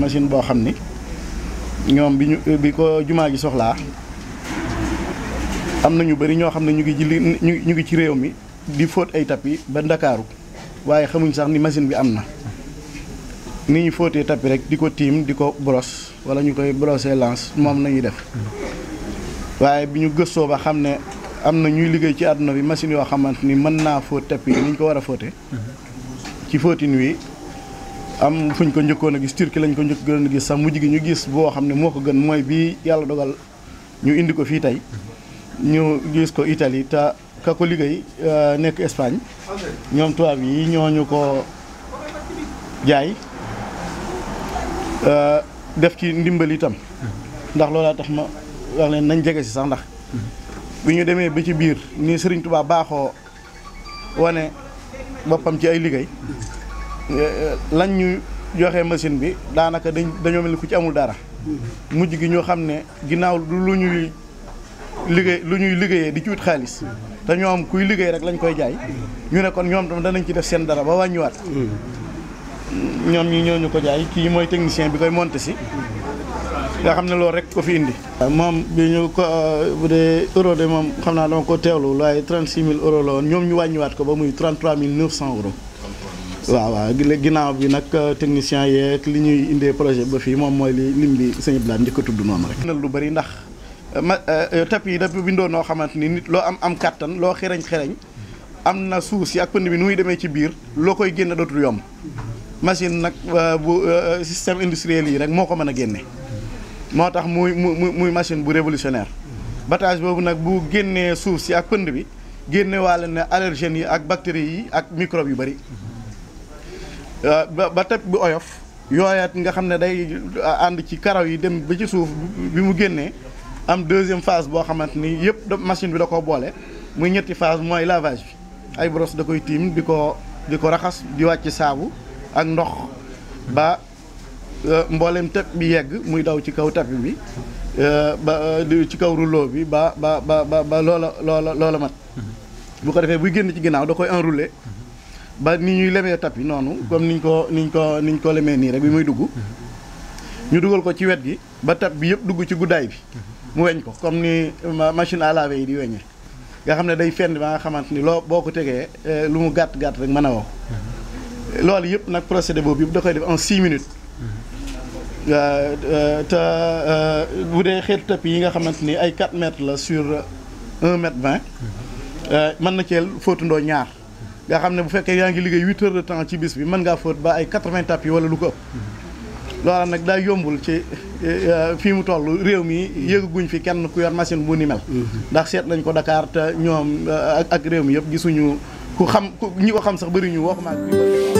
machine boo xam ni ñoom bi ñu bi ko jumaa ji soxlaa am na ñu bari ñoo xam ne ñu ngi ci li ñu ngi ci réew mi di fóot ay tapis ba ndakaaru waaye xamuñ sax ni machine bi am na ni ñu fóotee tapis rek di ko tiim di ko brosse wala ñu koy brosser lance moom nañuy def waaye bi ñu gëstoo ba xam ne am na ñuy liggéey ci àdduna bi machine yoo xamante ni mën naa fóot tapis ni ñu ko war a fóote ci fóotin wi am fuñ ko njëkkoon a gis turki lañ ko njëkkoon a gis sax mujj gi ñu gis boo xam ne moo ko gën mooy bii yàlla dogal ñu indi ko fii tey ñu gis ko Italie te ka ko liggéey euh, nekk Espagne ñoom tubaab yi ñooñu ko jaay euh, def ci ndimbal itam ndax loolaa tax ma wax leen nañ jege si sax ndax bi ñu demee ba ci biir ni Serigne Touba baaxoo wane boppam ci ay liggéey Euh, lañ ñu joxe machine bi daanaka dañ dañoo mel ni ku ci amul dara mujj gi ñoo xam ne ginnaaw lu ñuy liggéey lu ñuy liggéeyee di ci wut xaalis te ñoom kuy liggéey rek lañ koy jaay ñu ne kon ñoom tam danañ ci def seen dara ba wàññiwaat ñoom ñi ñoo ñu ko jaay kii mooy technicien bi koy monte si nga xam ne lool rek ko fi indi. moom bi ñu ko euh, bu dee euro de moom xam naa dama ko teewlu waaye 36000 euros la woon ñoom ñu wàññiwaat ko ba muy 33900 euros. waaw waaw ginnaaw bi nag euh, technicien yeeg li ñuy indee projet ba fii moom mooy li lim bi sëñ Ibrahima njëkk a tudd noonu rek. lu bari ndax euh, ma euh, tapp yi dafa bindoo noo xamante ni nit loo am am kàttan loo xereñ xereñ am na suuf si ak pënd bi nu muy demee ci biir loo koy génne dootul yomb machine nag bu système industriel yi rek moo ko mën a génne moo tax muy muy muy machine bu révolutionnaire battage boobu nag bu génnee suuf si ak pënd bi génne waale ne allergènes yi ak bactéries yi ak microbes yu bari. Euh, ba teb bi oyof yooyaat nga xam ne day euh, ànd ci karaw yi dem ba ci suuf bi mu génnee am deuxième phase boo xamante ni yëpp da machine bi da ko boole muy ñetti phase mooy lavage bi ay brosse da koy tiim di ko di ko raxas di wàcc saabu ak ndox ba euh, mboolem teb bi yegg muy daw ci kaw tapis bi ba ci kaw rouleau bi ba ba ba ba loola loola loola mat mm-hmm. bu ko defee buy génn ci ginnaaw da koy enrouler ba ni ñuy lemee tapis noonu comme niñ ko niñ ko niñ ko lemee nii rek bi muy dugg ñu dugal ko ci wet gi ba tap bi yëpp dugg ci guddaay bi mu weñ ko comme ni ma machine à laver yi di weñee nga xam ne day fenn ba nga xamante ni loo boo ko tegee eh, lu mu gàtt gàtt rek mën a wow loolu yëpp nag procédé boobu yëpp da koy def en six minutes euh, te euh, bu dee xeetu tapis yi nga xamante ni ay 4 mètres la sur 1 mètre 20 euh, mën na ceel fóotundoo ñaar nga xam ne bu fekkee yaa ngi liggéey huit heures de temps ci bis bi mën ngaa fóot ba ay quatre-vingts tapis wala lu ko ëpp loola nag daa yombul ci euh, fii mu toll réew mi yëgaguñ fi kenn ku yor machine bu ni mel ndax seet nañ ko Dakar te ñoom euh, ak réew mi yëpp gisuñu ku xam ñi ko xam sax bari ñu waxuma ak